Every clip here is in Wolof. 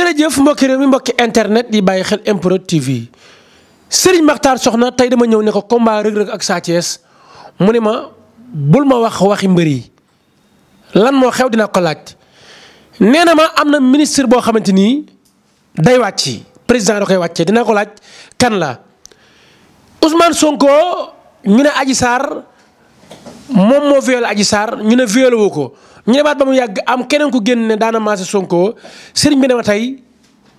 jërëjëf mbokki réew mi mbokki internet yi bàyyi xel MPROD TV Serigne Makhtar Soxna tey dama ñëw ne ko combat Reug ak Sa Thiès mu ne ma bul ma wax waxi mbër yi lan moo xew dina ko laaj nee na ma am na ministre boo xamante ni day wàcc président da koy wàccee dina ko laaj kan la Ousmane Sonko ñu ne aji Sarr moom moo violé Adji Sarr ñu ne violé ko. ñu demaat ba mu yàgg am keneen ku génn ne daana maase Sonko sëriñ bi ne ma tey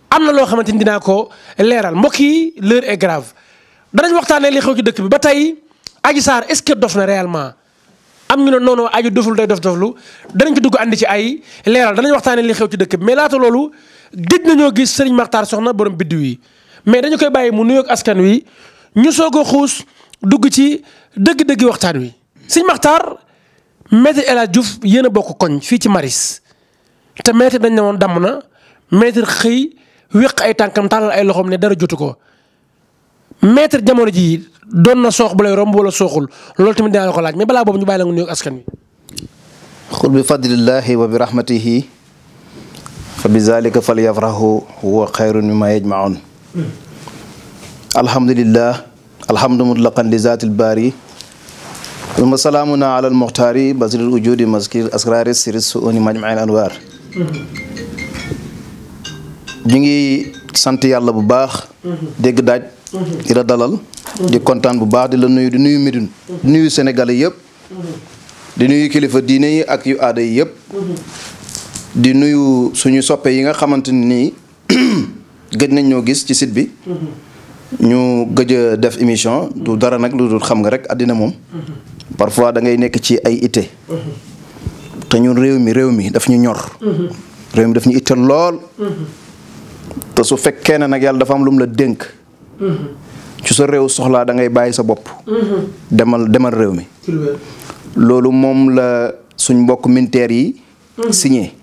am na loo xamante ni dinaa ko leeral mbokk yi l'heure est danañ waxtaanee li xew ci dëkk bi ba tey Adji Sarr est-ce que dof na réellement am ñu ne noonu aju doful day dof doflu danañ ci dugg andi ci ay leeral danañ waxtaanee li xew ci dëkk mais laata loolu gëj nañoo gis sëriñ Makhtar Soxna borom biddiw yi mais dañu koy bàyyi mu nuyoog askan wi ñu soog a xuus dugg ci dëgg-dëgg waxtaan wi sëriñ Makhtar maître El Hadj Diouf yéen a bokk koñ fii ci maris te maître dañ ne woon damm na maître xëy wéq ay tànkam tàllal ay loxoom ne dara jotu ko maître jamono ji doon na soox bu romb wala sooxul loolu tamit dinaa la ko balaa boobu ñu bàyyi la nga nuyoog askan wi. xul bi fadlillahi wa bi rahmatihi fa bi zalika fal yafrahu huwa xayrun mimma yajmaun alhamdulillah alhamdu mutlaqan li zaatil baari ثم سلامنا على المختار بزر الوجود مذكير أسرار السر السؤون مجمع الأنوار ñu ngi sant yàlla bu baax. dégg daaj. di la dalal. di kontaan bu baax di la nuyu di nuyu Médine. di nuyu Sénégalais di nuyu kilifa diine yi ak yu aada yi yëpp. di nuyu suñu soppe yi nga xamante ni gëj nañ ñoo gis ci sit bi. ñu gëj def émission du dara nag lu dul xam nga rek àddina moom. parfois dangay nekk ci ay itte te ñun réew mi réew mi daf ñu ñor réew mi daf ñu itte lool te su fekkee ne nag yàlla dafa am lu mu la dénk ci sa réew soxlaa da ngay bàyyi sa bopp demal demal réew mi loolu moom la suñ mbokk militaire yi signé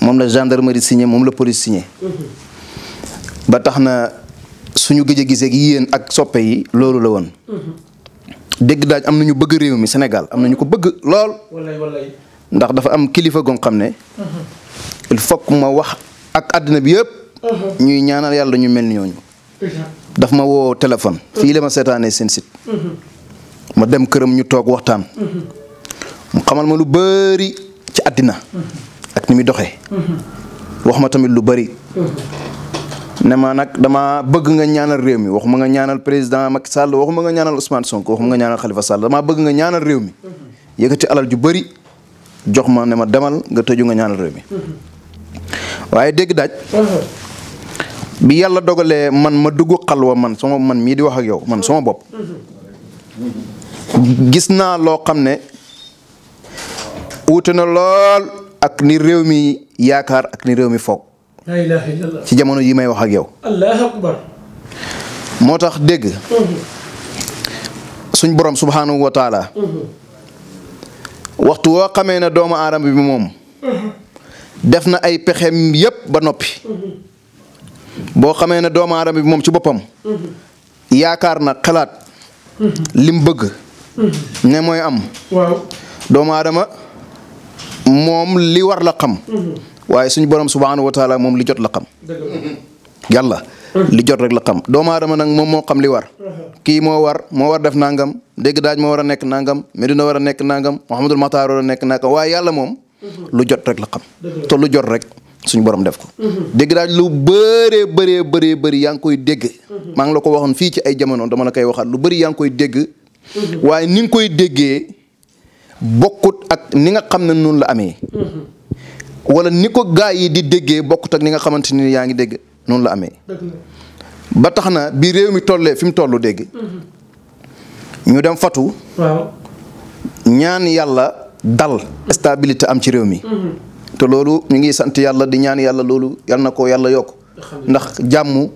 moom la gendarmerie signé moom la police signé ba tax na suñu gëj a gisee ak yéen ak soppe yi loolu la woon dégg daaj am na ñu bëgg réew mi senegal am na ñu ko bëgg lool. ndax dafa am kilifa goo xam ne. il faut ma wax ak àddina bi yëpp. ñuy ñaanal yàlla ñu mel ni ñooñu. daf ma woo téléphone. fii la ma seetaanee seen sit ma dem këram ñu toog waxtaan. mu xamal ma lu bëri ci àddina. ak ni muy doxee. wax ma tamit lu bëri. ne ma nag dama bëgg nga ñaanal réew mi waxuma nga ñaanal président Macky Sall waxuma nga ñaanal Ousmane Sonko waxuma nga ñaanal Khalifa Sall damaa bëgg nga ñaanal réew mi yëkkati alal ju bëri jox ma ne ma demal nga tëju nga ñaanal réew mi waaye dégg daaj bi yàlla dogalee man ma dugg xalwa man soma man mii di wax ak yow man sama bopp gis naa loo xam ne wuute na lool ak ni réew mi yaakaar ak ni réew mi foog ci jamono yi may wax ak yow. moo tax dégg. Mhm. suñ borom subhaanahu wa mhm. waxtu woo xamee ne doomu aadama bi moom. Mhm. def na ay pexeem yépp ba noppi. boo xamee ne doomu aadama bi moom ci boppam. yaakaar na xalaat. lim bëgg. ne mooy am. waaw doomu aadama moom li war la xam. waaye suñu borom subhaanahu wa taala moom li jot la xam. yàlla li jot rek la xam doomu aadama nag moom moo xam li war. kii moo war moo war def nangam dégg daaj moo war a nekk nangam Medina war a nekk nangam Mouhamadul Makhtar war a nekk nangam waaye yàlla moom. lu jot rek la xam. te lu jot rek suñu borom def ko. dégg daaj lu bëree bëree bëree bëri ngi koy dégg. maa ngi la ko waxoon fii ci ay jamono dama la koy waxaat lu bëri yaa ngi koy dégg. waaye ni koy déggee bokkut ak ni nga xam ne noonu la amee. wala ni ko gaa yi di déggee bokk ak ni nga xamante ni yaa ngi dégg noonu la amee. ba tax na bi réew mi tollee fi mu toll dégg. ñu dem fatu. waaw ñaan yàlla dal. stabilité am ci réew mi. te loolu ñu ngi sant yàlla di ñaan yàlla loolu yal na ko yàlla yokk. ndax jàmm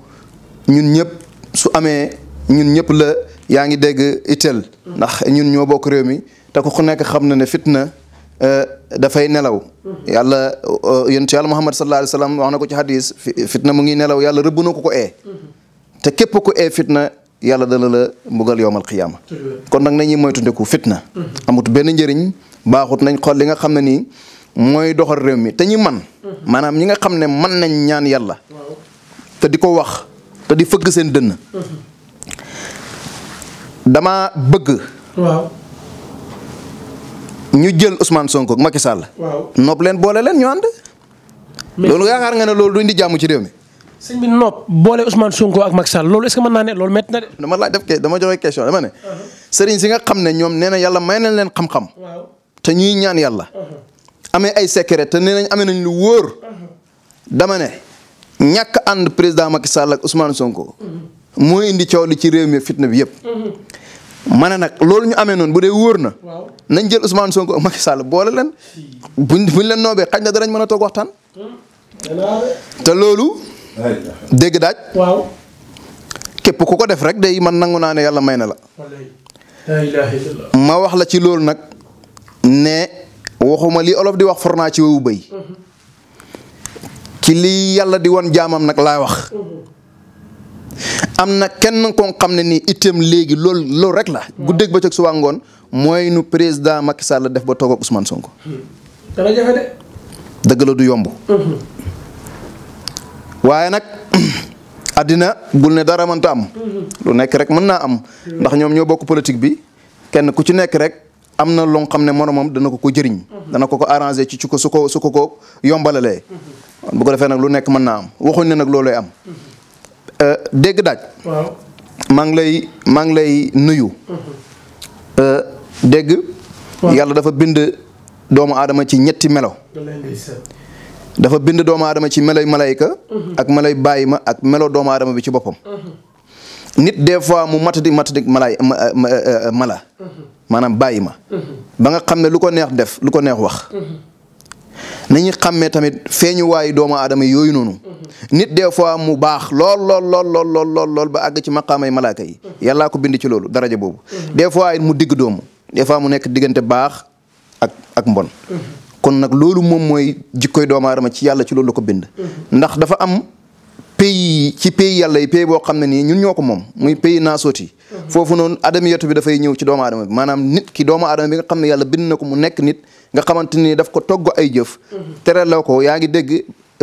ñun ñëpp su amee ñun ñëpp la yaa ngi dégg itteel. ndax ñun ñoo bokk réew mi te ku nekk xam na ne fitna euh, dafay nelaw yàlla uh, yonent yàlla Muhammad sallallahu alayhi wa sallam wax na ko ci hadis fitna mu ngi nelaw yàlla rëbb na ko ko ee te képp ko ee fitna yàlla dana la mbugal yowmal qiyaama kon nag nañuy moytundiku fitna amut benn njëriñ baaxut nañ xam ne ni mooy doxal réew mi te ñi man maanaam ñi nga xam ne man nañ ñaan yàlla te di ko wax te di fëgg seen dënn dama bëgg ñu jël Ousmane Sonko ak Macky Sall. nopp leen boole leen ñu ànd. loolu yaakaar nga ne loolu du indi jàmm ci réew mi. sëñ bi nopp boole Ousmane Sonko ak Macky Sall loolu est-ce que loolu métti na de. dama laaj def ke dama joxe question dama ne. Uh-huh. sëriñ si nga xam ne ñoom nee na yàlla may nañ leen xam-xam. te ñuy ñaan yàlla. Uh-huh. amee ay secret te nee nañ amee nañ lu wóor. Uh-huh. dama ne ñàkk ànd président Macky Sall ak Ousmane Sonko. moo indi coow li ci réew mi fitna bi yëpp. ma ne nag loolu ñu amee noonu bu dee wóor na. nañ jël Ousmane Sonko ak Macky Sall boole leen. buñ buñ leen noobee xaj na danañ mën a toog waxtaan. te loolu. dégg daaj. waaw. képp ku ko def rek day man nangu naa ne yàlla may na la. ma wax la ci loolu nag ne waxuma li olof di wax for naa ci wewu béy. Mhm. ci li yàlla di won jaamam nag laa wax. Mhm. am na kenn koo xam ne nii itam léegi lool lool rek la. ba bëccëg su ngoon mooy nu président Macky Sall la def ba toog ak Ousmane Sonko. la du yomb. Mhm. nag àddina bul ne dara mënta am. Mhm. lu nekk rek mën naa am. Mhm. ndax ñoom ñoo bokk politique bi kenn ku ci nekk rek am na loo xam ne moromam dana ko ko jëriñ. dana ko ko arrangé ci ci ko su ko ko ko yombalalee. bu ko nag lu nekk mën naa am waxuñ ne nag loolooy am. Euh, dégg daaj. waaw ngi lay maa ngi lay nuyu. Mhm. Euh, dégg. yàlla dafa bind doomu aadama ci ñetti melo. dafa bind doomu aadama ci meloy malayka mhm. ak melay bàyyi ma ak melo doomu aadama bi ci boppam. Mhm. nit des fois mu matadi matadi malay mala maanaam bàyyi ma. ba nga xam ne lu ko neex def lu ko neex wax. nañu xàmmee tamit waayu doomu aadama yooyu noonu. nit des fois mu baax lool lool lool lool lool lool lool ba àgg ci maqaamay malaaka yi. yàllaa ko bind ci loolu daraja boobu. des fois it mu digg doomu. des fois mu nekk diggante baax ak ak mbon. kon nag loolu moom mooy jikkoy doomu aadama ci yàlla ci loolu ko bind. ndax dafa am pays ci pays yàlla yi pays boo xam ne ni ñun ñoo ko moom muy pays naasooti. Mhm. foofu noonu adamiyatu bi dafay ñëw ci doomu aadama bi maanaam nit ki doomu aadama bi nga xam ne yàlla bind na ko mu nekk nit nga xamante ni daf ko togg ay jëf mhm. tereloo ko yaa ngi dégg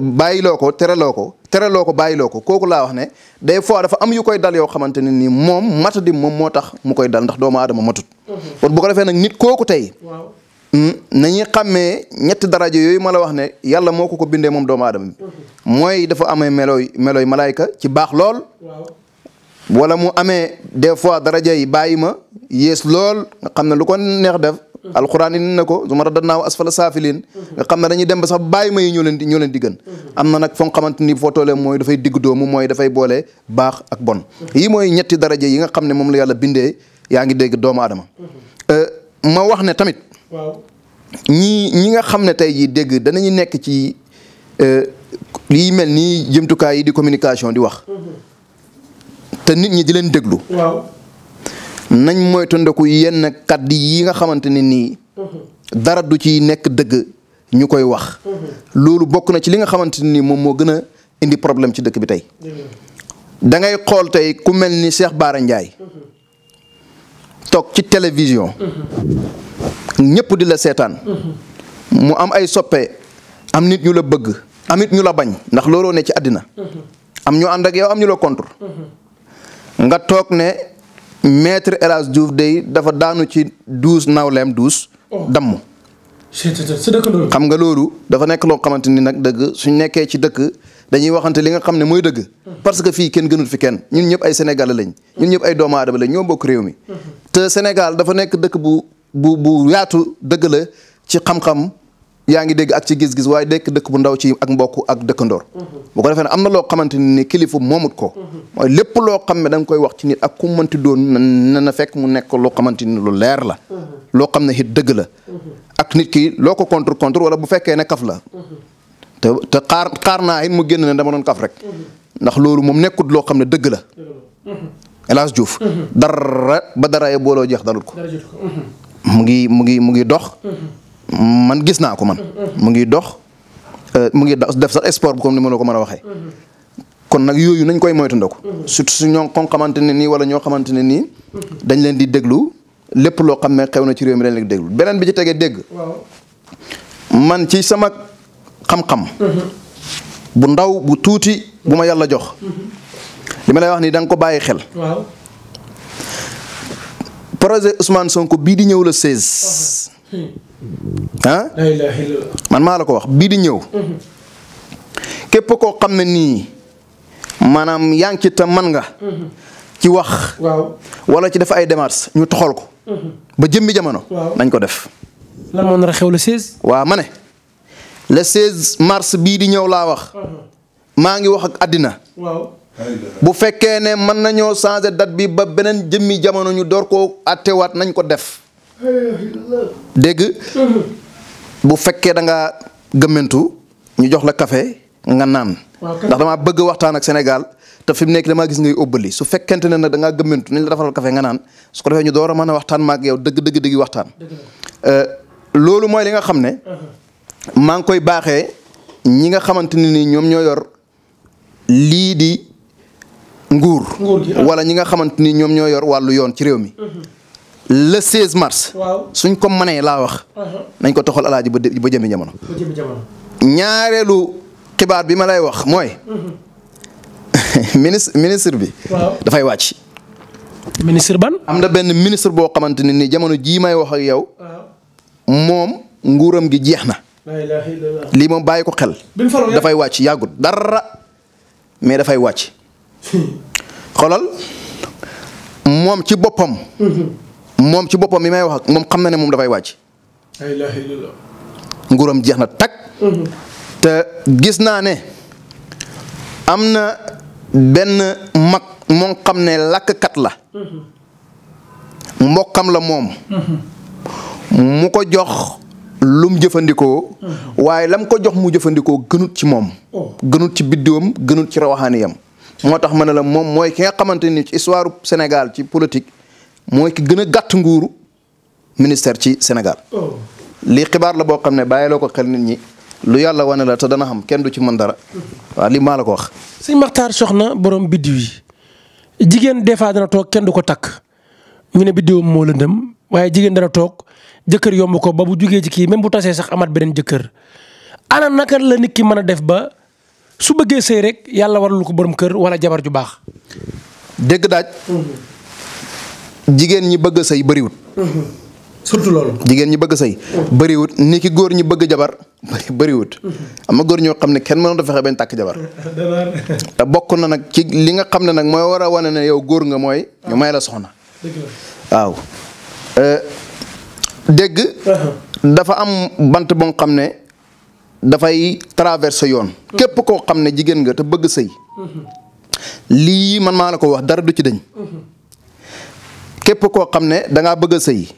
bàyyiloo ko tereloo ko tereloo ko bàyyiloo ko kooku laa wax ne des fois dafa am yu koy dal yoo xamante ne nii moom matadi moom moo tax mu koy dal ndax doomu aadama matut mhm. kon bu ko defee nag nit kooku tey hmm, nañuy xàmmee ñetti daraja yooyu ma la wax ne yalla moo ko ko bindee moom doomu aadama bi mooy dafa amee melooy melooy malaayka ci baax lool wala mu amee de fois daraja yi bàyyi ma yées lool nga xam ne lu ko neex def. alxuraan indi na ko su ma raddat naaw asfala saafiliin nga xam ne dañuy dem ba sax baay ma yi ñoo leen di ñoo leen di gën. am na nag foo xamante ni foo mooy dafay digg doomu mooy dafay boole baax ak bon. yii mooy ñetti daraja yi nga xam ne moom la yàlla bindee yaa ngi dégg doomu aadama. Euh, ma wax ne tamit. ñi ñi nga xam ne tey jii dégg danañu nekk ci euh, lii mel nii jëmtukaay yi di communication di wax. Mhm. te nit ñi di leen déglu. waaw nañ ndeku yenn kàddu yi nga xamante ne nii. Mm-hmm. dara du ci nekk dëgg ñu koy wax. Mm-hmm. loolu bokk na ci li nga xamante nii moom moo gën a indi problème ci dëkk bi tey. Mm-hmm. dangay xool tey ku mel ni Cheikh Bara njaay toog ci télévision. ñëpp di la seetaan. mu am ay soppe am nit ñu la bëgg. am nit ñu la bañ ndax looloo ne ci àddina. am ñu ànd ak yow am ñu la contre. nga toog ne maître El Hadj Diouf day dafa daanu ci douze nawleem douze. Oh. damm. xam nga loolu dafa nekk loo xamante ni nag dëgg suñ nekkee ci dëkk dañuy waxante li nga xam ne mooy dëgg. parce que fii kenn gënul fi kenn ñun ñëpp ay Sénégalais lañ. ñun ñëpp ay doomu aadama lañ ñoo bokk réew mi. Mhm. te Sénégal dafa nekk dëkk bu bu bu yaatu dëgg la ci xam-xam. yaa ngi dégg ak ci gis-gis waaye dekk dëkk bu ndaw ci ak mbokk ak dëkkandoor mm-hmm. bu ko defee ne am na loo xamante ni kilifa moomut ko mm-hmm. mooy lépp loo xam ne da nga koy wax ci nit ak ku mënti doon na na fekk mu nekk loo xamante ni lu la mm-hmm. loo xam ne it dëgg la ak nit ki loo ko contre contre wala bu fekkee ne kaf la te te xaar xaar naa it mu génn ne dama doon kaf rek ndax loolu moom loo xam ne dëgg la El Hadj Diouf dara ba dara booloo jeex dalut ko mu mu ngi mu ngi dox man gis naa ko man. mu ngi dox euh, mu ngi def sax sport comme ni ma la ko mën a waxee. kon nag yooyu nañ koy moytandiku. surtout su ñoo kon xamante ne nii wala ñoo xamante ne nii. dañ leen di déglu lépp loo xam ne xew na ci réew mi dañ leen di déglu beneen bi ci tegee dégg. man ci sama xam-xam. bu ndaw bu tuuti bu ma yàlla jox. li lay wax nii danga ko bàyyi xel. projet Ousmane Sonko bii di ñëw la 16. man maa la ko wax bii di ñëw képp koo xam na nii maanaam yaa ngi man nga ci wax wala ci def ay démarches ñu toxal ko ba jëmmi jamono nañ ko def lan moo nar xew le 16 waaw ma ne mars bii di ñëw laa wax uh-huh. maa ngi wax ak àddina bu fekkee ne mën nañoo changer date bi ba beneen jëmmi jamono ñu door koo attewaat nañ ko def dégg bu fekkee da nga gëmmentu ñu jox la kafe nga naan ndax damaa bëgg waxtaan ak Sénégal te fi mu nekk damaa gis ngay óbbali su fekkente ne nag da ngaa gëmmentu nañ la defaral nga naan su ko defee ñu door a mën a waxtaan maak yow dëgg dëgg dëgg waxtaan euh, loolu mooy li nga xam ne uh-huh. maa ngi koy baaxee ñi nga xamante ne ni ñoom ñoo yor lii di nguur ah. wala ñi nga xamante ni ñoom ñoo yor wàllu yoon ci réew mi uh-huh. le 16 mars. waaw suñ ko mënee laa wax. Uh-huh. nañ ko toxal alaaji ba ba jëmi ba jëmi jamono. ñaareelu xibaar bi ma lay wax mooy. Uh-huh. ministre ministre bi. dafay wàcc. ministre ban. am na benn ministre boo xamante ne ni jamono jii may wax ak yow. Uh-huh. moom nguuram gi jeex na. lii moom bàyyi ko xel. dafay wàcc yàggut dara mais dafay wàcc. xolal moom ci boppam. moom ci boppam mi may wax ak moom xam na ne moom dafay wàcc. nguuram jeex na tag mhm. te gis naa ne am na benn mag moo xam ne làkkat la. Mhm. mbokkam la moom. Mhm. mu ko jox lum jëfandikoo. waaye lam ko jox mu jëfandikoo gënut ci moom. Oh. gënut ci biddiwam gënut ci rawaxaaniyam moo tax ma ne la moom mooy ki nga xamante ni ci histoire Sénégal ci politique. mooy ki gën a gàtt nguuru ministère ci Sénégal. Oh. lii xibaar la boo xam ne bàyyiloo ko xel nit ñi. lu yàlla wane la te dana xam kenn du ci mën dara. waaw li maa la ko wax. sëñ Maxtaar soxna borom biddiw yi jigéen des fois dana toog kenn du ko takk ñu ne biddiwam moo lëndëm waaye jigéen dana toog jëkkër yomb ko ba bu jugee ci kii même bu tasee sax amaat beneen jëkkër ana naka la nit ki mën a def ba su bëggee sëy rek yàlla warul ko borom kër wala jabar ju baax. jigéen ñi bëgg sëy bëriwut. surtout loolu. jigéen ñi bëgg sëy bëriwut ni ki góor ñi bëgg jabar bëriwut. am góor ñoo xam ne kenn mënut a fexe bañ tàkk jabar. te bokk na nag ci li nga xam ne nag mooy war a wane ne yow góor nga mooy. ñu may la soxna. waaw. Euh, dégg. Uh-huh. dafa am bant boo xam ne dafay traverser yoon. Uh-huh. képp koo xam ne jigéen nga te bëgg sëy uh-huh. lii man maa la ko wax dara du ci dëñ képp koo xam ne da bëgg a sëy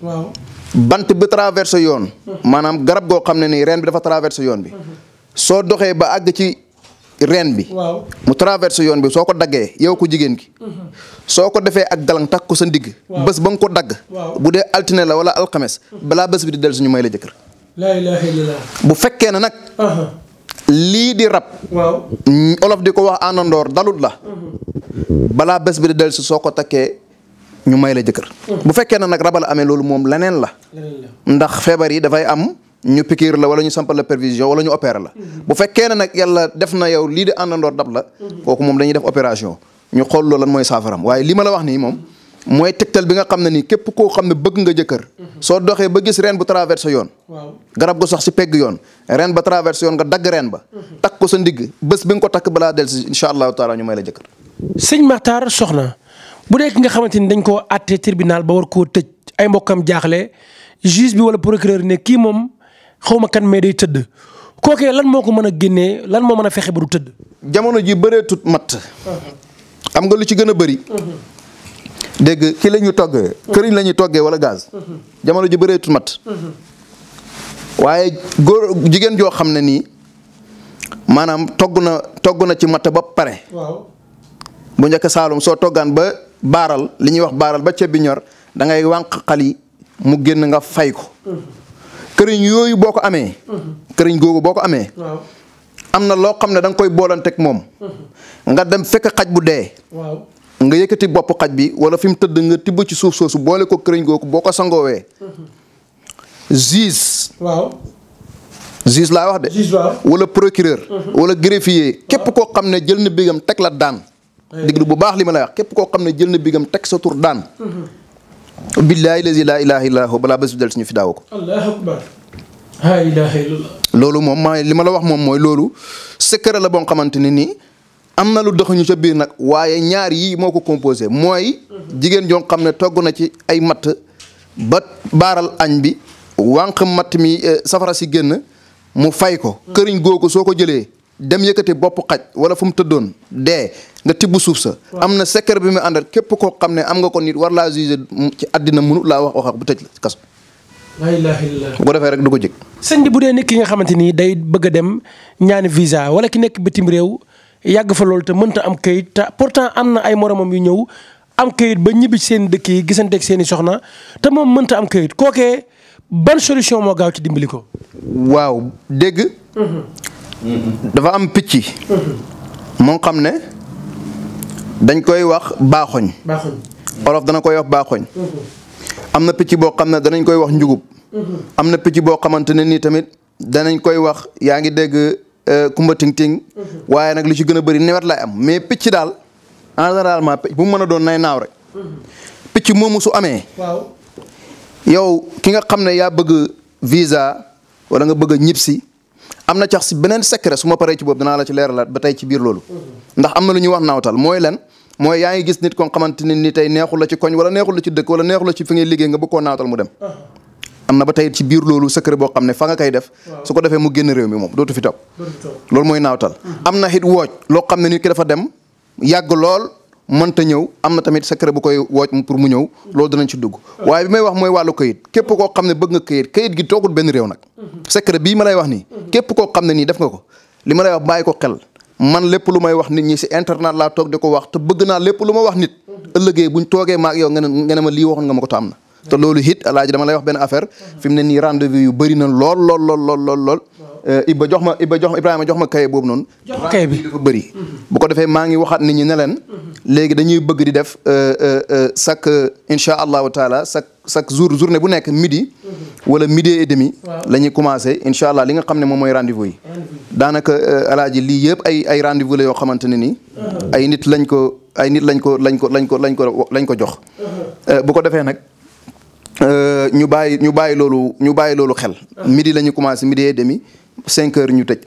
bant bi traversé yoon maanaam garab goo xam ne nii reen bi dafa yoon soo doxee ba àgg ci reen bi mu traversé yoon bi soo ko daggee yow ko jigéen ki soo ko defee ak galang takk ko sa ndigg bés ba ko dagg bu dee altine la wala alxames balaa bés bi di del suñu may la jëkkër laa ilaaha illallaah fekkee na nag lii di rab olof di ko wax àndandoor dalut la balaa bés bi di del soo ko takkee ñu may la jëkkër. bu fekkee ne nag rabal amee loolu moom leneen la. ndax feebar yi dafay am. ñu pikiir la wala ñu sampal la perfusion wala ñu opérer la. Mhm. bu fekkee ne nag def na yow lii di àndandoor dab la. Mhm. kooku moom dañuy def opération. ñu xool loolu lan mooy saafaram waaye li ma la wax nii moom. mooy tegtal bi nga xam ne nii képp koo xam ne bëgg nga jëkkër. Mhm. soo doxee ba gis reen bu traversé yoon. garab gu sax si pegg yoon. reen ba traversé yoon nga dagg ba. takk ko sa ndigg bés bi nga ko takk balaa dellusi incha bu dee ki nga xamante ni dañ koo àtte tribunal ba war koo tëj ay mbokkam jaaxle juge bi wala procureur ne kii moom xaw ma kan mais day tëdd kookee lan moo ko mën a génnee lan moo mën a fexe ba du tëdd. jamono ji bëree tut matt. nga lu ci gën a bëri. dégg ki la ñu toggee. këriñ la ñuy wala gaz. jamono ji bëree tut matt. waaye góor jigéen joo xam ne nii maanaam togg na togg na ci matt ba pare. waaw bu njëkk saalum soo toggaan ba. baaral li ñuy wax baaral ba ceeb bi ñor da ngay wànq xali mu génn nga fay ko. këriñ yooyu boo ko amee. këriñ googu boo ko amee. am na loo xam ne danga nga koy boolanteeg moom. nga dem fekk xaj bu dee. waaw nga yëkkati bopp xaj bi wala fi mu tëdd nga tibb ci suuf soosu boole ko këriñ googu boo ko sangoowee. juge. waaw. juge laa wax de. wala procureur. Mhm. wala greffier képp koo xam ne jël na bégam teg la daan. Eh. déglu bu baax li ma lay wax képp koo xam ne jël na bigam teg sa tur daan mm-hmm. billaahi lazi laa ilaaha illaa hu balaa bés bi suñu fi daaw ko loolu moom maa li ma la wax moom mooy loolu secret la boo xamante ne nii am na lu doxuñu ca biir nag waaye ñaar yii moo ko composé mooy mm-hmm. jigéen joo xam ne togg na ci ay matt ba baaral añ bi wànq matt mi eh, safara si génn mu fay ko mm-hmm. këriñ googu soo ko jëlee dem yëkkati bopp xaj wala fu mu tëddoon dee nga tibb suuf sa am na secret bi mu àndal képp koo xam ne am nga ko nit war laa jugé ci àddina mënut laa wax wax bu tëj la ci la ilaha bu ko defee rek du ko jëkk sëñ bi bu dee nit ki nga xamante ni day bëgg dem ñaani visa wala ki nekk bitim réew yàgg fa loolu te mënta am kayit te pourtant am na ay moromam yu ñëw am kayit ba ñibbi seen dëkk yi gisanteeg seen i soxna te moom mënta am kayit kookee ban solution moo gaaw ci dimbali ko. waaw dégg. Mhm. dafa am picc. Mhm. moo xam ne. dañ koy wax baaxoñ olof dana koy wax baaxoñ mhm. am na picc boo xam ne danañ koy wax njugub mhm. am na picc boo xamante ne nii tamit danañ koy wax yaa ngi dégg kumba euh, ting ting mhm. waaye nag lu ci gën a bëri nawet lay am mais picc daal en généralement bu mu mën a doon nay naaw rek picc moom su amee yow ki nga xam ne yaa bëgg visa wala nga bëgg a ñibbisi am na cax beneen secret su ma paree ci boobu danaa la ci leeralaat ba tey ci biir loolu ndax am na lu ñuy wax naawtal mooy lan mooy yaa ngi gis nit koo xamante ne ni tey neexul la ci koñ wala neexul la ci dëkk wala neexul la ci fi ngay liggéey nga bëgg koo naatal mu dem am na ba tey ci biir loolu secret boo xam ne fa nga koy def su ko defee mu génn réew mi moom dootu fi toog lool mooy naawtal hmm. am na it wooj loo xam ne nit ki dafa dem yàgg lool man mënta ñëw am na tamit secret bu koy wooj pour mu ñëw loolu danañ ci dugg waaye bi may wax mooy wàllu kayit képp koo xam ne bëgg nga kayit kayit gi toogul benn réew nag secret bii ma lay wax nii képp koo xam ne nii def nga ko li ma lay wax bàyyi ko xel man lépp lu may wax nit ñi si internet laa toog di ko wax te bëgg naa lépp lu ma wax nit ëllëgee buñ toogee maag yow nga ne nga ne nga ma ko am na te loolu it alaaji lay wax benn affaire fi mu ne nii lool lool lool lool lool lool Euh, Iba jox ma Iba jox ma Ibrahima jox ma kaye boobu noonu. jox bi dafa bëri. bu ko defee maa ngi waxaat ni ñi ne leen. léegi dañuy bëgg di def euh, euh, chaque incha allahu taala chaque chaque jour journée bu nekk midi. wala midi et demi. la ñuy commencé incha allah li nga xam ne moom mooy rendez-vous yi. daanaka alaaji lii yëpp ay ay rendez-vous la yoo xamante ne nii. Uh-huh. ay nit lañ ko ay nit lañ ko lañ ko lañ ko lañ ko lañ ko jox. Uh-huh. bu ko defee nag. ñu bàyyi ñu bàyyi loolu ñu bàyyi loolu xel. Uh-huh. midi la ñu commencé midi demi. cinq heures ñu tëj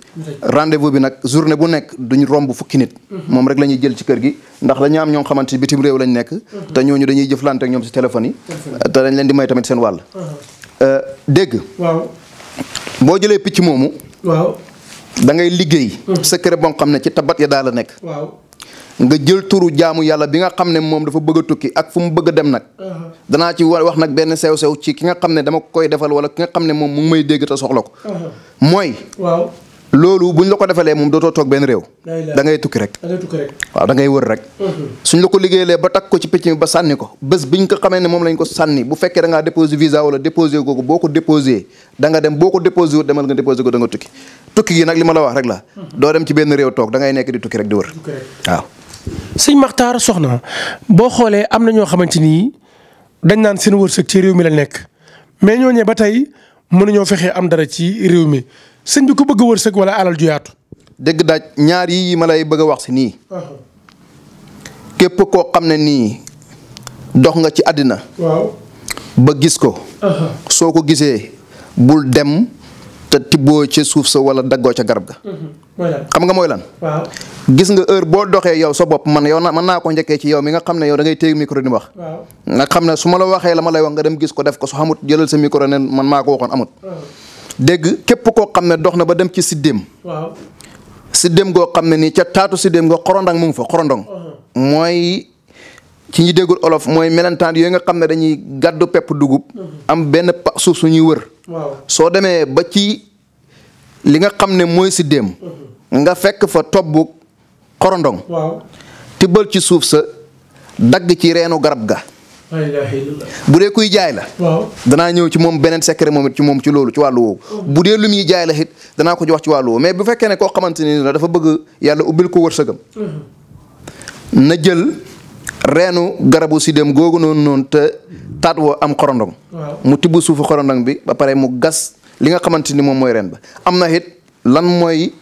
rendez-vous bi nag journée bu nekk duñu romb fukki nit moom rek la ñuy jël ci kër gi ndax dañu am ñoo xamante ni bitim réew lañ nekk te ñooñu dañuy jëflante ak ñoom si téléphone yi te dañ leen di may tamit seen wàll euh, dégg waaw boo jëlee picc moomu waaw da ngay liggéey hmm. secret boo xam ne ci tabat ya daal a nekk nga jël turu jaamu yàlla bi nga xam ne moom dafa bëgg tukki ak fu mu bëgg dem nag. Uh-huh. danaa ci wax nag benn sew sew ci ki nga xam ne dama koy defal wala ki nga xam ne moom mu ngi may dégg te soxla ko. Uh-huh. mooy. loolu buñ la ko defalee moom dootoo toog benn réew. da ngay rek. da da ngay wër rek. Uh-huh. suñ la ko liggéeyalee ba takk ko ci picc mi ba sànni ko bés ko xamee ne moom lañ ko sànni bu fekkee danga ngaa déposé visa wala déposé googu boo ko déposé da nga dem boo ko déposé wut demal nga déposé ko da nga tukki tukki gi nag li ma la wax rek la doo dem ci benn réew toog da ngay nekk di tukki rek di wër waaw sëñ Maxtaar soxna boo xoolee am na ñoo xamante ni dañ naan seen wërsëg ci réew mi la nekk mais ñooñee ba tey mënuñoo fexee am dara ci réew mi sëñ bi ko bëgg wërsëg wala alal ju yaatu. dégg daaj ñaar yi ma lay bëgg a wax si nii. képp koo xam ne nii dox nga ci àddina. ba gis ko. soo ko gisee bul dem. te tibboo ca suuf sa wala daggoo ca garab ga. Mm-hmm. xam nga mooy lan. gis nga heure boo doxee yow sa bopp man yow na mën naa ko njëkkee ci yow mi nga xam ne yow da ngay téye micro di wax. nga xam ne su ma la waxee la lay wax nga dem gis ko def ko su xamut jëlal sa micro ne man maa ko waxoon amut. dégg képp koo xam ne dox na ba dem ci siddéem. waaw goo xam ne nii ca taatu siddéem goo xorondang mu ngi fa xorondong. Uh-huh. mooy ci ñi déggul olof mooy melentaan yooyu nga xam ne dañuy gàddu pepp dugub. Uh-huh. am benn pa suuf ñuy wër. waaw soo demee ba ci li nga xam ne mooy siddéem mhm. nga fekk fa tobbuk xorondong tibbal ci suuf sa dagg ci reenu garab ga bu dee kuy jaay la danaa ñëw ci moom beneen secret moom ci moom ci loolu ci wàllu woowu oh. bu dee lu muy jaay la it danaa ko ci wax ci wàllu woowu mais bu fekkee ne koo xamante ni dafa bëgg yàlla ubbil ko wërsëgam mhm. na jël reenu garabu siddéem googu noonu noonu te taat woo am xorondong mu tibb suufu xorondong bi ba pare mu gas li nga xamante ni moom mooy ren ba am na it lan mooy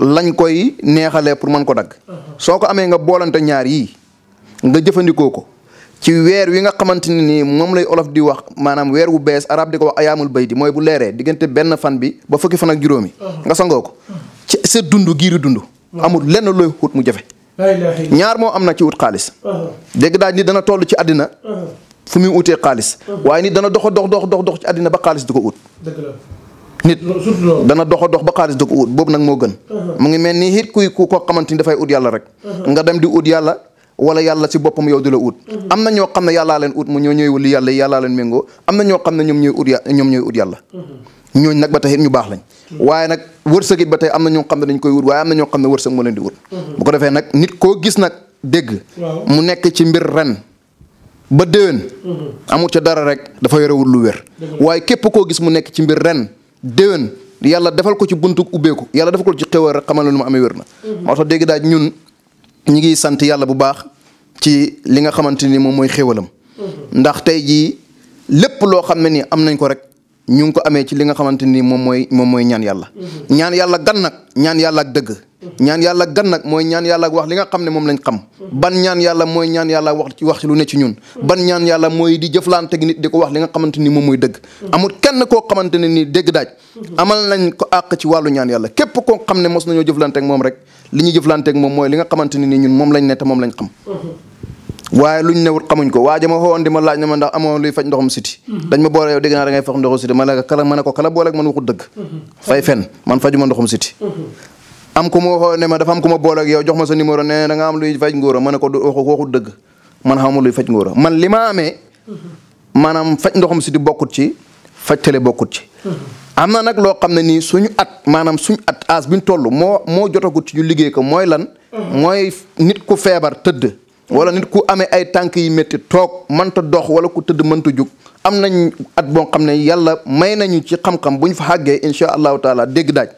lañ koy neexalee pour man ko dagg uh-huh. soo ko amee nga boolante ñaar yi nga jëfandikoo ko ci weer wi nga xamante ne nii moom lay olof di wax maanaam weer wu bees arab di ko wax ayaamul bay di mooy bu leeree diggante benn fan bi ba fukki fan ak juróomi uh-huh. nga sangoo ko uh-huh. ci se dund giiri dund amul lenn looy xut mu jafe ñaar moo am na ci wut xaalis dégg daal ni dana ci àddina fu muy utee xaalis. waaye nit dana dox dox dox dox dox ci àddina ba xaalis di ko ut. nit dana dox dox ba xaalis di ko ut boobu nag moo gën. Uh-huh. mu ngi mel ni it kuy ku koo ni dafay ut yàlla rek. Uh-huh. nga dem di ut yàlla. wala yàlla ci boppam yow di la ut uh-huh. am na ñoo xam ne yàllaa leen ut mu ñoo ñooy li yàlla yàllaa leen méngoo am na xam ne ñoom ñooy ut yà ñoom ñooy ut yàlla ñooñ nag ba tey ñu baax lañ waaye nag wërsëg it ba tey am na ñoo xam ne dañ koy ut waaye am na ñoo xam ne wërsëg moo leen di ut bu ko defee nag nit koo gis nag dégg mu nekk ci mbir ren ba déwén. amul ca dara rek dafa yorewul lu weer waaye képp koo gis mu nekk ci mbir ren déwén yàlla defal ko ci buntu ubbeeku yàlla defal ko ci xéwal rek xamal nu mu amee na. moo tax dégg daal ñun ñu ngi sant yàlla bu baax ci li nga xamante ni moom mooy xéwalam. ndax tey jii lépp loo xam ne nii am nañ ko rek. ñu ngi ko amee ci li nga xamante ni moom mooy moom mooy ñaan yàlla. Mm-hmm. ñaan yàlla gan nag ñaan yàlla ak dëgg. Mm-hmm. ñaan yàlla gan nag mooy ñaan yàlla wax li nga xam ne moom lañ xam. Mm-hmm. ban ñaan yàlla mooy ñaan yàlla wax ci wax ci lu ne ci ñun. ban ñaan yàlla mooy di jëflanteeg nit di ko wax li nga xamante ni moom mooy dëgg. amul kenn koo xamante ne nii dégg daaj. amal nañ ko àq ci wàllu ñaan yàlla képp koo xam ne mos nañoo jëflanteeg moom rek li ñu jëflanteeg moom mooy li nga xamante ne nii ñun moom lañ ne te moom lañ xam. waaye luñ newut xamuñ ko waa jama xoowoon di ma laaj na ma ndax amoo luy faj ndoxum siti mhm. dañ ma ma ne kala ma ne ko kala boole man waxut dëgg mhm. fay fen man fajuma mhm. am ku ma waxoo ne ma dafa am ku ma boole ak yow jox ma sa numéro ne da nga am luy faj ngóora ma ne ko waxut dëgg man xamuma luy faj ngóora man li ma amee maanaam faj ndoxum siti bokkut ci faj tele bokkut ci am na nag loo xam ne nii suñu at maanaam suñu at as biñ toll moo moo jotagut ci ñu liggéey ko mooy lan mooy nit ku feebar tëdd wala nit ku amee ay tànk yi métti toog manta dox wala ku tëdd mënta jug am nañ at boo xam ne yàlla may nañu ci xam-xam bu ñu fa xàggee incha allahu taala dégg daaj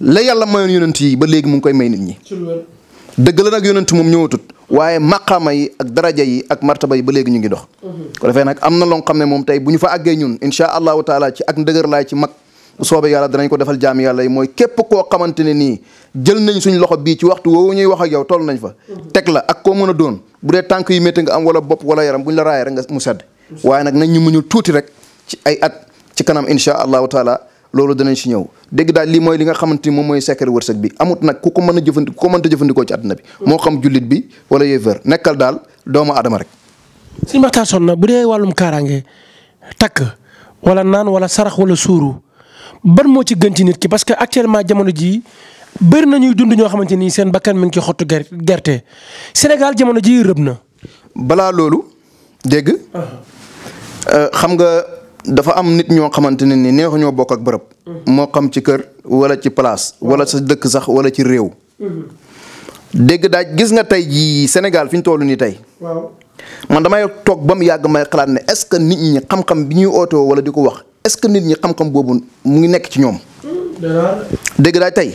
la yàlla mayoon yonent yi ba léegi mu ngi koy may nit ñi dëgg la nag yonent moom ñëwatut waaye maqaama yi ak daraja yi ak martaba yi ba léegi ñu ngi dox mhm. ko defee nag am na loo xam ne moom tey bu ñu fa àggee ñun incha allahu taala ci ak ndëgër laay ci mag bu soobee yàlla danañ ko defal jaam yàlla yi mooy képp koo xamante ne nii jël nañ suñ loxo bii ci waxtu woowu ñuy wax ak yow toll nañ fa teg la ak koo mën a doon bu dee tànk yu métti nga am wala bopp wala yaram buñ la raayee rek nga mu sedd waaye nag nañ ñu muñul tuuti rek ci ay at ci kanam insha allahu taala loolu danañ si ñëw dégg daal lii mooy li nga xamante ni moom mooy secret wërsëg bi amut nag ku ko mën a jëfandi ku ko mënta jëfandikoo ci àdduna bi moo xam jullit bi wala yéefar nekkal daal doomu aadama rek sëñ Makhtar Sokhna bu dee wàllum kaaraange takk wala naan wala sarax wala suuru ban moo ci gën ci nit ki parce que actuellement jamono jii bëri na ñuy dund ñoo xamante ni seen bakkan mi ngi ci xottu gerte Sénégal jamono jii rëb na. balaa loolu dégg uh-huh. uh, xam nga dafa am nit ñoo xamante ne ni neexu ñoo bërëb. Uh-huh. moo xam ci kër wala ci place uh-huh. wala sa dëkk sax wala ci réew. dégg daaj gis nga tey jii Sénégal fi ñu toll nii tey. waaw man damay toog ba mu yàgg may xalaat ne est-ce que nit ñi xam-xam bi ñuy ootoo wala di ko wax. est-ce que nit ñi xam-xam boobu mu ngi nekk ci ñoom. dégg daay tey.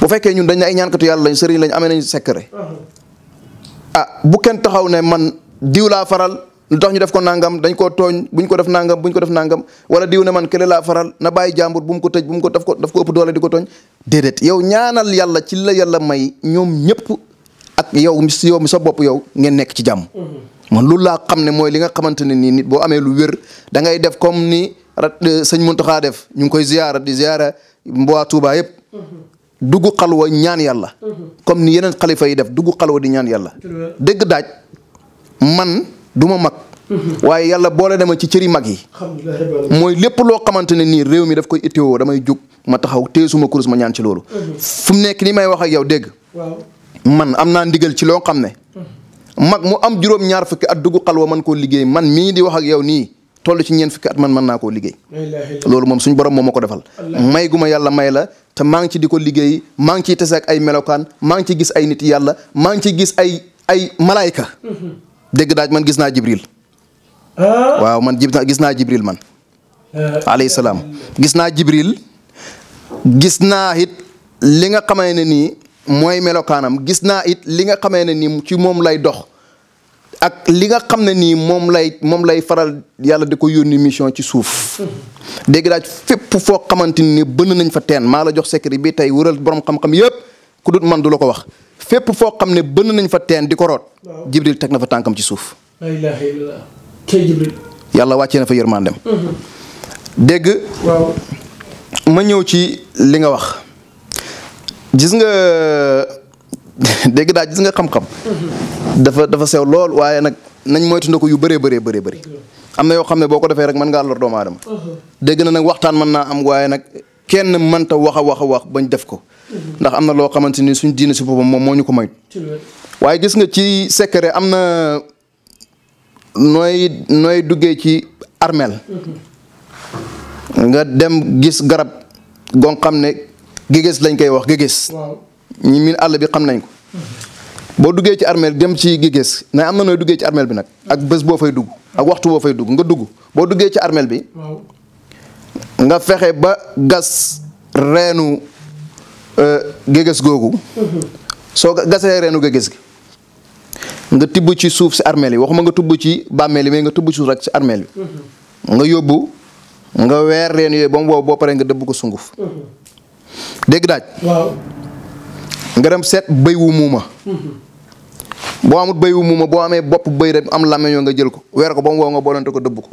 bu fekkee ñun dañ ne ay ñaankatu yàlla lañ sëriñ lañ amee nañu secret. ah bu kenn taxaw ne man diw laa faral lu tax ko nangam dañ koo tooñ buñ ko def nangam buñ ko def nangam wala diw ne man kële laa faral na bàyyi jàmbur bu mu ko tëj bu mu ko daf ko ëpp doole di ko tooñ. déedéet yow ñaanal yàlla ci la yàlla may ñoom ñëpp ak yow mi sa bopp yow ngeen nekk ci jàmm. Mm-hmm. man loolu laa xam ne mooy li nga xamante nii boo amee lu wér da def comme ni. rat eh, sëñ Muntaxa def ñu ngi koy ziyaara di ziyaara mbaa Tuuba yëpp dugg xalwa ñaan yàlla comme ni yeneen xalifa def dugg xalwa di ñaan yàlla dégg daaj man du mag waaye yàlla boole dama ci cëri mag yi mooy lépp loo xamante ne nii réew mi daf koy itteewoo damay jug ma taxaw teesuma suma kurus ma ñaan ci loolu fu mu nekk ni may wax ak yow dégg man am naa ndigal ci loo xam ne mag mu am juróom-ñaar fukki at dugg xalwa man koo liggéey man mii di wax ak yow nii toll ci ñeent fukki at man mën naa koo liggéey loolu moom suñ borom moom ma ko defal may gu ma yàlla may la te maa ngi ci di ko liggéey maa ngi ciy tase ay melokaan maa ngi ci gis ay nit yàlla maa ngi ci gis ay ay malaayka mm-hmm. dégg daaj man gis naa jibril ah? waaw man gis naa jibril man alayhi salaam gis naa jibril gis naa it li nga xamee ne nii mooy melokaanam gis naa it li nga xamee ne nii ci moom lay dox ak li nga xam ne nii moom lay moom lay faral yàlla di ko yónni mission ci suuf dégg daaj fépp foo xamante ni bënn nañ fa teen maa la jox secret bi tey wëral borom xam-xam yëpp ku dut man du la ko wax fépp foo xam ne bënn nañ fa teen di ko root jibril teg na fa tànkam ci suuf yàlla wàccee na fa yërmandem mhm. dégg ma ñëw ci li nga wax dégg daal gis nga xam-xam. dafa dafa sew lool waaye nag nañ moytandiku yu bëree bëree bëree bëri. am na yoo xam ne boo ko defee rek man ngaa lor doomu aadama. dégg na nag waxtaan mën naa am waaye nag kenn mënta wax a wax a wax bañ def ko. ndax am na loo xamante ni suñ diine si boppam moom moo ñu ko moytu. waaye gis nga ci secret am na nooy nooy duggee ci armel nga dem gis garab goo xam ne gégés lañ koy wax gégés. ñi miin àll bi xam nañ ko boo duggee ci armeel dem ci gégees na am na nooy duggee ci armeel bi nag ak bés boo fay dugg ak waxtu boo fay dugg nga dugg boo duggee ci armeel bi nga fexe ba gas reenu euh, gégees googu soo gasee reenu gégees gi nga tibb ci suuf si armeel yi waxuma nga tubb ci bàmmeel yi may nga tubb ci suuf rek si armeel bi nga yóbbu nga weer reen yooyu ba mu wow boo paree nga dëbb ko sunguf dégg daaj nga dem seet bëy wu muuma boo amut bëy wu boo amee bopp bëy rek am lameñoo nga jël ko weer ko ba mu wow nga boolante ko dëbb ko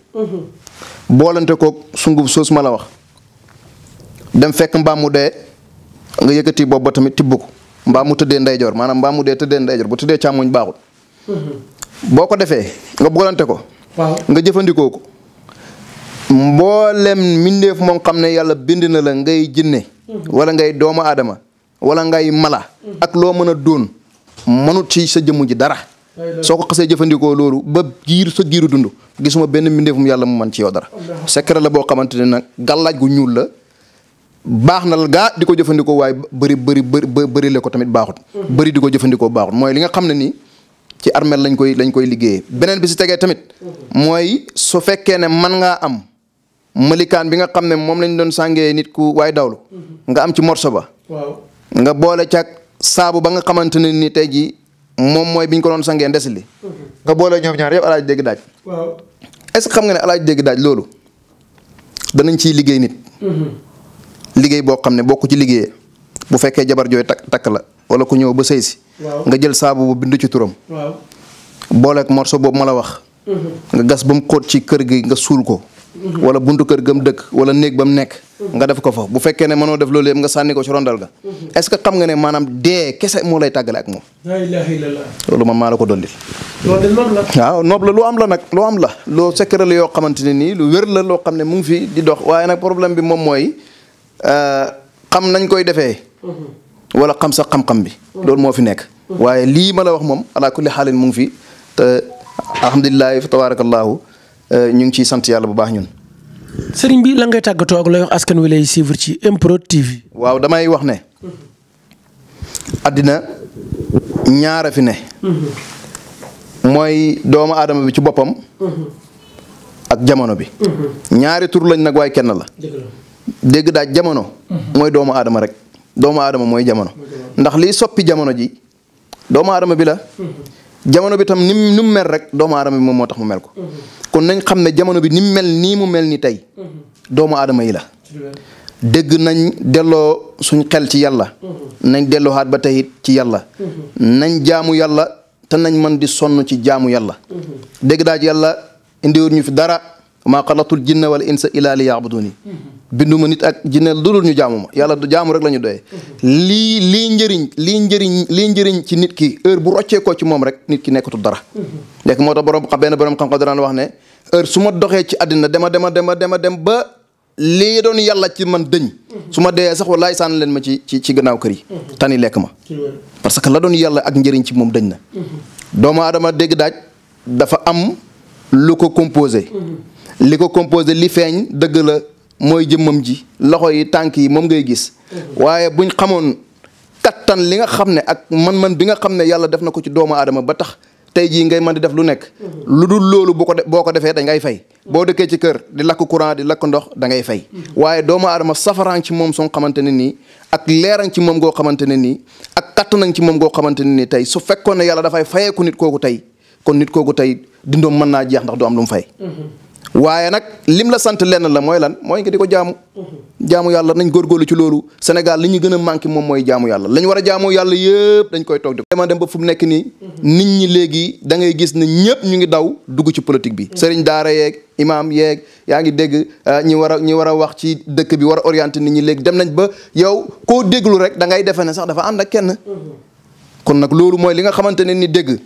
boolante koog sungub soos ma la wax dem fekk mbaam mu dee nga yëkkati bopp ba tamit tibb ko mu tëddee ndeyjoor maanaam mbaam mu dee tëddee ndeyjoor bu tëddee càmmoñ baaxul boo ko defee nga boolante ko nga jëfandikoo ko mboolem mbindeef moom xam ne yàlla bind na la ngay jinne mhm. wala ngay doomu aadama wala ngay mala ak loo mën a doon mënut ci sa jëmm ji dara soo ko xasee jëfandikoo loolu ba giir sa giiru dund gisuma benn mbindeefum yàlla mu man ci dara secret la boo xamante ne nag gàllaaj gu ñuul la baax na gaa di ko jëfandikoo waaye bëri bëri bëri bëri le ko tamit baaxut mm-hmm. bëri di ko jëfandikoo baaxut mooy li nga xam ne nii ci armeel lañ koy lañ koy liggéeyee beneen bi si tegee tamit mm-hmm. mooy su fekkee ne man ngaa am malikaan bi nga xam ne moom lañ doon sàngee nit ku waaye dawlu mm-hmm. nga am ci morso ba nga boole cag saabu ba nga xamante ne ni tey jii moom mooy biñ ko doon sangee ndes li nga boole ñoom ñaar yëpp alaaj dégg daaj. waaw est-ce xam nga ne alaaj dégg daaj loolu danañ ciy liggéey nit. Mm-hmm. liggéey boo xam ne bokk ci liggéeyee bu fekkee jabar jooy takk takk la wala ku ñëw ba sëy si. nga jël saabu bu bind ci turam. waaw booleeg morso boobu ma la wax. Mm-hmm. nga gas ba mu xóot ci kër gi nga suul ko. wala buntu kër gëm dëkk wala néeg ba mu nekk nga def ko fa bu fekkee ne mënoo def loolu yëpp nga sànni ko ci rondal ga mhm. est-ce que xam nga ne maanaam dee kese moo lay tàggale ak moom la ilaha illallah loolu man maa la ko dolli waaw noob la lu am la nag lu am la loo secret la yoo xamante ne nii lu wér la loo xam ne mu ngi fi di dox waaye nag problème bi moom mooy euh, xam nañ koy defee mhm. wala xam sa xam-xam bi mhm. loolu moo fi nekk waaye lii ma la wax moom ala kulli xaalin mu ngi fi te alhamdulilahi fa tabarakallaahu ñu ngi ciy sant yàlla bu baax ñun. sëriñ bi la ngay tàggatoo ak lay askan wi lay suivre ci MPROD TV. waaw damay wax ne. àddina ñaara fi ne. mooy doomu aadama bi ci boppam. ak jamono bi. ñaari tur lañ nag waay kenn la. dégg daaj jamono. mooy doomu adama rek doomu aadama mooy jamono. ndax liy soppi jamono ji doomu aadama bi la. jamono bi tam ni mu mel rek doomu aadama bi moom moo tax mu mel ko. kon nañ xam ne jamono bi ni mu mel nii mu mel ni tey. doomu aadama yi la. dégg nañ delloo suñ xel ci yalla nañ delloo xaat ba tey ci yàlla. nañ jaamu yàlla te nañ man di sonn ci jaamu yàlla. dégg daaj yàlla indiwut ñu fi dara. maa xalatul jinna wala insa illa li yaabuduni bindu ma nit ak jinne lu dul ñu jaamu yàlla jaamu rek la ñu lii lii njëriñ lii njëriñ ci nit ki heure bu roccee ko ci moom rek nit ki nekkatul dara ndekk moo tax borom xam benn borom xam-xam daan wax ne heure su doxee ci àddina dema dema dema dema dem ba lii doon yàlla ci man dëñ su ma dee sax wallaay sànni leen ma ci ci ci gannaaw kër yi tani lekk ma parce la doon yàlla ak njëriñ ci moom dëñ na mhm. doomu aadama dégg daaj dafa am lu ko composé mhm. li ko composé li feeñ dëgg la mooy jëmmam ji loxo yi tànk yi moom ngay gis waaye buñ xamoon kattan li nga xam ne ak man-man bi nga xam ne yàlla def na ko ci doomu aadama ba tax tey jii ngay mën di def lu nekk lu dul loolu bu ko boo ko defee da ngay fay boo dëkkee ci kër di lakk courant di lakk ndox dangay ngay fay waaye doomu aadama safaraan ci moom soo xamante ne nii ak leeran ci moom goo xamante ne nii ak kattanan ci moom goo xamante ne nii tey su fekkoon ne yàlla dafay fayeeku nit kooku tey kon nit kooku tey dindoom mën naa jeex ndax du am fay waaye nag lim la sant lenn la mooy lan mooy nga di ko jaamu. jaamu yàlla nañ góorgóorlu ci loolu Sénégal li ñu gën a manqué moom mooy jaamu yàlla lañ war a jaamu yàlla yëpp dañ koy toog di ko. dem ba mu nekk nii. nit ñi léegi da ngay gis ne ñëpp ñu ngi daw dugg ci politique bi. sëriñ daara yeeg imaam yeeg yaa ngi dégg ah, ñi war a ñi war a wax ci dëkk bi war a orienté nit ñi léegi dem nañ ba yow koo déglu rek da ngay defe ne sax dafa ànd ak kenn. kon nag loolu mooy li nga xamante ne ni dégg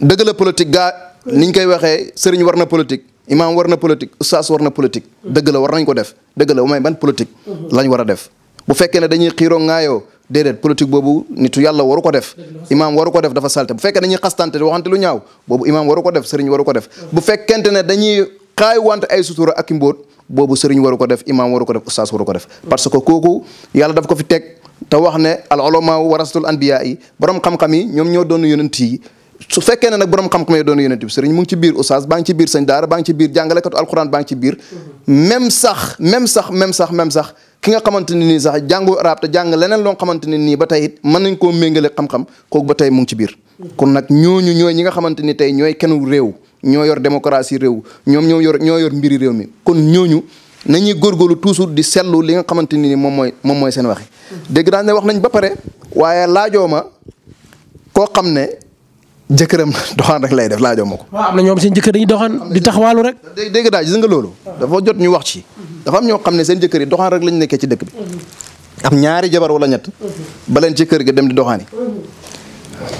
dëgg la politique gaa niñ koy waxee sëriñ war na politique imaam war na politique ustaas war na politique dëgg la war nañ ko def dëgg la may ban politique lañ war a def bu fekkee ne dañuy xiiroo ŋaayoo déedéet boobu nit yàlla waru ko def imaam waru ko def dafa salte bu fekkee dañuy xastante waxante lu ñaaw boobu imaam ko def sëriñ waru ko def bu ne dañuy xaay wante ay sutura ak i mbóot boobu sëriñ waru ko def imaam waru ko def ustaas ko def parce que kooku yàlla daf ko fi teg te wax ne al ulama warasatul anbiya yi borom xam-xam yi ñoom ñoo doon yonent yi su fekkee ne nag borom xam-xam yi doon yonent bi sëriñ mu ngi ci biir oustaz baa ci biir sëñ daara baa ci biir sax même sax ki nga xamante ne nii sax jàngu arab te jàng leneen loo xamante ne nii ba tey it mën nañ koo méngale xam-xam kook ba tey mu ngi ci biir kon nag ñooñu ñooy ñi nga xamante ni tey ñooy kennu réew ñoo yor démocratie réew ñoom ñoo yor ñoo yor mbiri réew mi kon ñooñu nañuy góorgóorlu toujours di seetlu li nga xamante ni moom mooy moom mooy seen waxi dégg naa ne wax nañ ba pare waaye laajooma koo xam ne jëkkëram doxaan rek lay def laajoo ma ko. waaw am na ñoom seen jëkkër dañuy doxaan di taxawaalu rek. dégg dégg daal gis loolu. dafa jot ñu wax ci. Mhm. dafa am ñoo xam ne seen jëkkër yi doxaan rek lañ nekkee ci dëkk bi. Mhm. am ñaari jabar wala ñett. Mhm. ba leen ci kër gi dem di doxaani.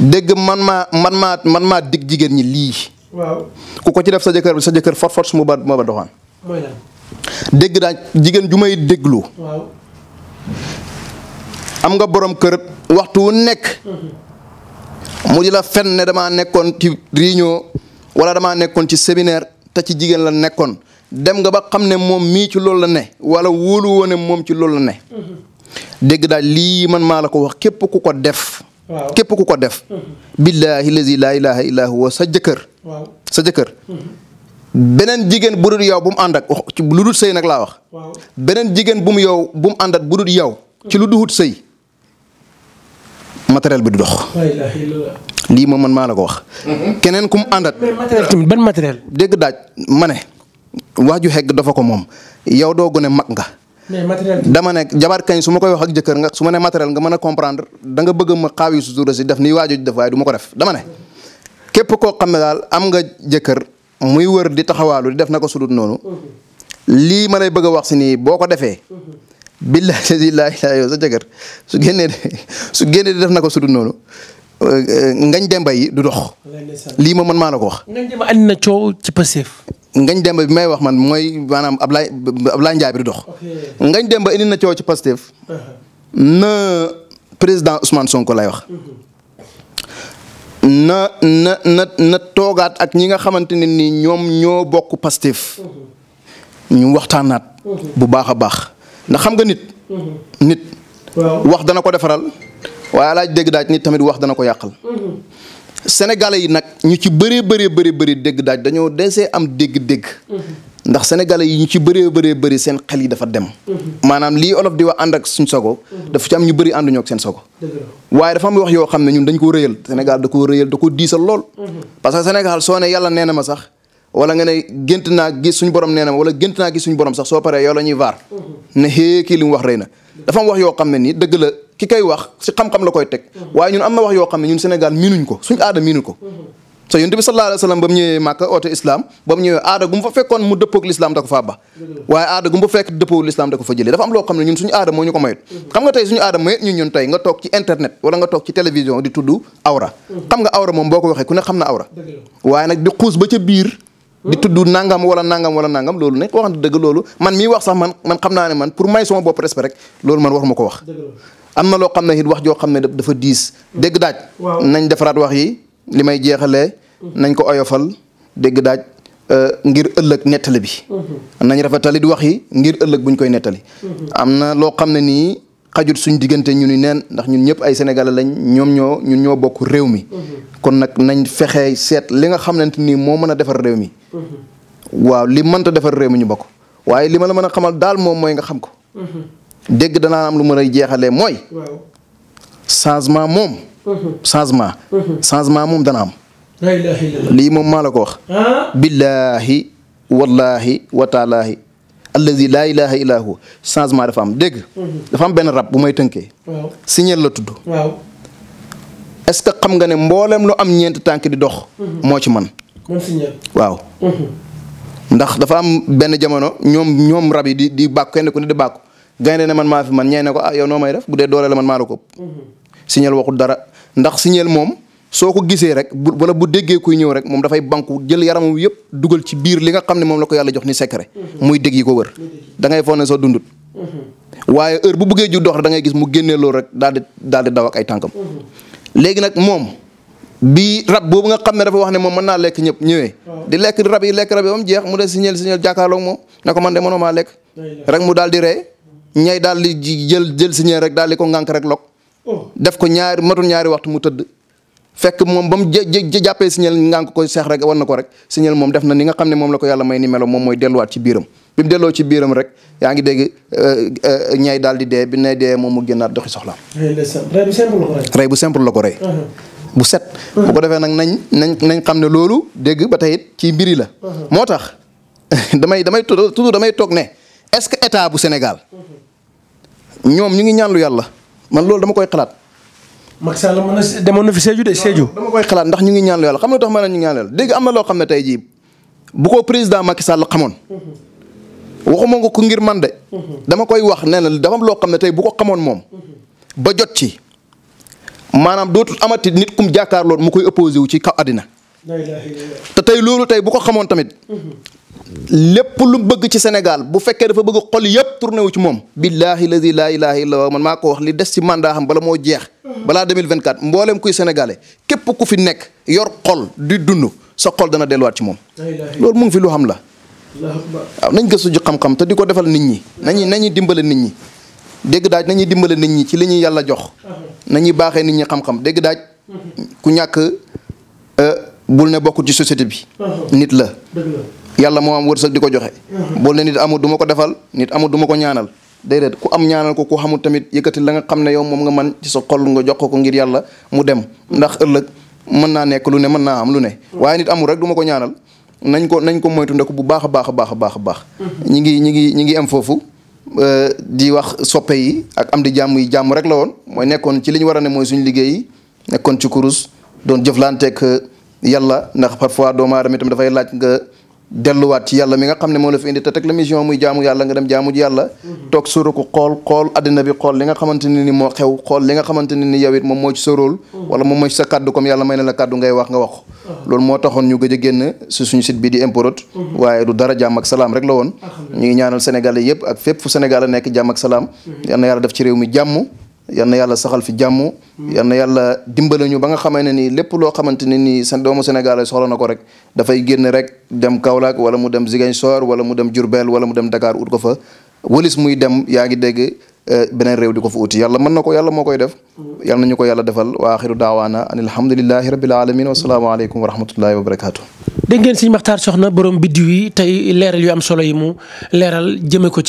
dégg man maa digg maa jigéen ñi lii. ku ko ci def sa jëkkër bi sa jëkkër fort fort mu ba ma ba doxaan. mooy lan. dégg daal jigéen ju may déglu. am nga borom kër waxtu wu nekk. mu di la fen ne damaa nekkoon ci réunion wala damaa nekkoon ci séminaire te ci jigéen la nekkoon dem nga ba xam ne moom mii ci loolu la ne wala wóolu ne moom ci loolu la ne. dégg daal lii man maa la ko wax képp ku ko def. képp ku ko def. Mm-hmm. billaahi lazi laa ilaaha illaa sa jëkkër. sa jëkkër. Mm-hmm. beneen jigéen bu dul yow bu mu ànd lu dul sëy nag laa wax. beneen jigéen bu mu yow bu mu àndat bu dul yow. Mm-hmm. ci lu duhut sëy. matériel bi du dox. lii ma man maa la ko wax. keneen ku mu àndat. mais ban matériel. dégg daaj ma ne. wax ju xegg dafa ko moom yow doo gone mag nga. mais dama ne jabar kañ su ma koy wax ak jëkkër nga su ma ne matériel nga man a comprendre da nga bëgg ma xaaw yi sutura si def ni waajoo ji def waaye du ma ko def dama ne. képp koo xam ne daal am nga jëkkër muy wër di taxawaalu di def na ko sudut noonu. lii ma lay bëgg wax si nii boo ko defee. billahi lazi laa ilaaha sa jagar su génnee su génnee def na ko su dul noonu ngañ demba yi du dox. lii ma man maa la ko wax. ngañ demba ci Pastef. ngañ demba bi may wax man mooy maanaam Ablaye Ablaye Ndiaye bi du dox. ngañ demba indi na coow ci Pastef. na président Ousmane Sonko lay wax. na na na na toogaat ak ñi nga xamante ne ni ñoom ñoo bokk Pastef. Mhm. ñu waxtaanaat. Mhm. bu baax a baax. ndax xam nga nit. Mm-hmm. nit. wax dana ko defaral waaye alaaj dégg daaj nit tamit wax dana ko yàqal. Mm-hmm. sénégalais yi nag ñu ci bëree bëree bëri bëri dégg daaj dañoo desee am dégg-dégg. Mm-hmm. ndax sénégalais yi ñu ci bëree bëree bëri seen xel yi dafa dem. maanaam lii olof di wax ànd ak suñ sogo. dafa ci am ñu bëri ànduñoo ak seen sogo. waaye dafa am wax yoo xam ne ñun dañ ko rëyal senegal da ko rëyal da ko diisal lool. parce que Sénégal soo ne yàlla nee na ma sax. wala nga ne gént naa gis suñu borom nee na wala gént naa gis suñu borom sax soo paree yow la ñuy vaar mhm. ne xée mu wax rëy na dafa am wax yoo xam ne nii dëgg la ki koy wax si xam-xam la koy teg mhm. waaye ñun am na wax yoo xam ne ñun Sénégal miinuñ ko suñu aada miinu ko mhm. so yonent bi sallallahu alayhi wa sallam mu ñëwee fekkoon mu dëppoog lislaam da ko faa ba waaye aada gu mu fa fekk dëppoog lislaam da fa jëlee dafa am loo xam ne ñun suñu aada moo ñu ko mayut xam nga tey suñu aada mayut ñun ñun tey nga toog ci internet wala nga toog ci télévision di tudd awra moom boo ko waxee ku ne xam na awra waaye nag di xuus ba ca biir di tudd nangam wala nangam wala nangam loolu nekk waxante dëgg loolu man mii wax sax man man xam naa ne man pour may sama bopp respect rek loolu man waruma ko wax. am na loo xam ne it wax joo xam ne dafa diis. dégg daaj. nañ defaraat wax yi li may jeexalee. Mm-hmm. nañ ko oyofal dégg daaj. Euh, ngir ëllëg nettali bi. Mm-hmm. nañ rafetali di wax yi ngir ëllëg buñ koy nettali. Mm-hmm. am na loo xam ne nii. xajut suñ diggante ñu ni neen ndax ñun ñëpp ay sénégalais lañ ñoom ñoo ñoo bokk réew mi. Mhm. kon nag nañ fexe seet li nga xamante ni moo mën a defar réew mi. Mhm. waaw li mënta defar réew mi ñu bokk waaye li ma a xamal daal moom mooy nga xam ko. Mhm. dégg danaa am lu mën a jeexalee mooy. changement moom. changement. changement moom dana am. lii moom maa la ko wax. Ah? billaahi wallaahi wataalaahi. allazi laa ilaha illa changement dafa am dégg mhm. dafa am benn rab bu may tënkee signal la tudd waaw ce que xam nga ne mboolem lu am ñeent tànk di dox mhm. moo ci man waaw mhm. ndax dafa am benn jamono ñoom ñoom yi di di bàkku kenn ku ne di bàkku gaynde ne man maa fi man ñee ne ko ah yow may def bu dee doole man maa la ko signal waxul dara ndax signal moom soo ko gisee rek bu wala bu déggee koy ñëw rek moom dafay banku jël yaramam yëpp dugal ci biir li nga xam ne moom la ko yàlla jox ni secret. Mhm. muy dégg yi ko wër. Mhm. da ngay foog ne soo dundut. Mhm. waaye heure bu bëggee ju dox rek da gis mu génnee loolu rek daal di daal di ay tànkam. léegi nag moom bi rab boobu nga xam ne dafa wax ne moom mën naa lekk ñëpp ñëwee. di lekk rab yi lekk rab yi ba mu jeex mu des signal signal jàkkaarloog moom ne ko man de mënoo maa rek mu daal di rey ñay daal di jël jël signal rek daal di ko ngànk rek lok oh. def ko ñaari matul ñaari waxtu mu tëdd fekk moom ba mu jë jàppee signal ngaa ko koy seex rek war na ko rek signal moom def na ni nga xam ne moom la ko yàlla may ni melo moom mooy delluwaat ci biiram bi yaa ngi dégg euh, euh, ñay daal di dee bi nay dee moom mu génnaat doxi soxlaam. rey bu simple la ko rey. rey bu simple la ko rey. Uh-huh. bu uh-huh. xam ne loolu dégg ba tey it ci mbiri la. Uh-huh. moo tax damay damay toujours damay toog ne est-ce que état bu Sénégal ñoom ñu ngi ñaan yàlla man loolu dama koy xalaat. Macky Sall mën na demoon na fi Sédhiou de Sédhiou. dama koy xalaat ndax ñu ngi ñaan yàlla xam nga tax ma ne ñu xam ne tey bu ko président Macky Sall xamoon. waxuma nga ko ngir man de. dama koy wax nee na dafa loo xam ne tey bu ko xamoon moom. ba jot ci maanaam dootu amati nit kum jàkkaarloon mu koy opposé wu ci kaw àddina. te tey loolu tey bu ko xamoon tamit. lépp lu bëgg ci Sénégal bu fekkee dafa bëgg xol yëpp tourné wu ci moom. billaahi lazi laa ilaaha illa man maa ko wax li des ci mandat xam bala moo jeex. balaa 2024 mbooleem kuy sénégalais képp ku fi nekk yor xol di dund sa xol dana delluwaat ci moom. loolu mu ngi fi lu xam la. waaw nañ gëstu ji xam-xam te di ko defal nit ñi. nañu nañu dimbale nit ñi. dégg daaj nañuy dimbale nit ñi ci li ñuy yàlla jox. nañuy baaxee nit ñi xam-xam dégg daaj. ku ñàkk euh, bul ne bok ci société bi. nit la. yàlla moo am wërsëg di ko joxe. bool ne nit amul du ma ko defal nit amul du ma ko ñaanal. déedéet ku am ñaanal ko ku xamul tamit yëkkati la nga xam ne yow moom nga man ci sa xol nga jox ko ngir yàlla mu dem ndax ëllëg mën na nekk lu ne man na am lu ne. waaye nit amul rek du ma ko ñaanal nañ ko nañ ko moytu ndeku bu baax a baax a baax a baax a baax. Mhm. ñi ngi ñi ngi ñi ngi foofu. Euh, di wax soppe yi ak am di jàmm yi jàmm rek la woon mooy nekkoon ci liñ ñu a ne mooy suñu liggéey yi nekkoon ci kurus doon jëflanteeg euh, yàlla ndax parfois doomu aadama itam dafay laaj nga delluwaat ci yàlla mi nga xam ne moo la fi indi te teg la mission muy jaamu yàlla nga dem jaamu yàlla toog sóora xool xool addina bi xool li nga xamante ne ni moo xew xool li nga xamante ne ni yow it moom moo ci sa rôle moo ci sa kàddu comme yàlla may na la kàddu ngay wax nga wax loolu moo taxoon ñu gëj a génn si suñu site bi di Mprod waaye du dara jàmm ak salaam rek la woon ñu ñaanal sénégalais yëpp ak fépp fu sénégal a nekk jàmm ak salaam yàlla def ci yal na yàlla saxal fi jàmm. Mm. yal na ba nga xamee ne nii lépp loo xamante ne nii seen doomu Sénégal soxla na ko rek dafay génn rek dem Kaolack wala mu dem Ziguinchor wala mu dem Diourbel wala mu dem Dakar ut ko fa walis muy dem yaa ngi dégg. Eh, beneen réew di ko fa uti yàlla mën na ko yàlla moo koy def mm. yàlla nañu ko yàlla defal wa axiru daawaana an alhamdulilahi rabil alamin wasalaamaaleykum wa rahmatullahi wa barakaatu dégg ngeen sëñ Makhtar Soxna borom biddiw yi tey leeral yu am solo yi mu leeral jëme ko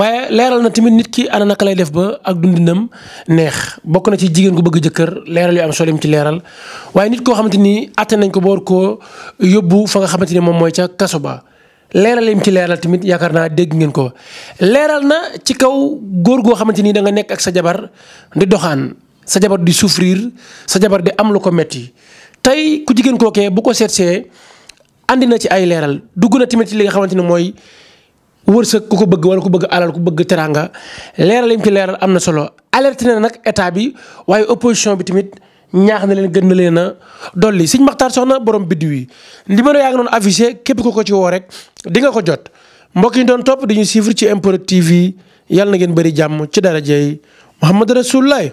waaye leeral na tamit nit ki ana naka lay def ba ak dundinam neex bokk na ci jigéen gu bëgg jëkkër leeral yu am solo ci leeral waaye nit koo xamante ni atte nañ ko boor koo yóbbu fa nga xamante ni moom mooy ca kaso ba leeral yim ci leeral tamit yaakaar naa dégg ngeen ko leeral na ci kaw góor goo xamante ni da nekk ak sa jabar di doxaan sa jabar di souffrir sa jabar di am lu ko metti tey ku jigéen kookee bu ko seetsee andi na ci ay leeral dugg na tamit li nga xamante ni mooy wërsëg ku ko bëgg wala ku bëgg alal ku bëgg teranga leeral yi mu ci leeral am na solo alerte na nag état bi waaye opposition bi tamit ñaax na leen gën na leen a dolli Sëñ Maxtaar Soxna borom biddiw yi numéro yaa ngi noonu affiché képp ko ko ci woo rek di nga ko jot mbokk yi doon topp dañuy suivre ci MPROD TV yàlla na ngeen bëri jàmm ci daraja yi Muhammad Rasulullah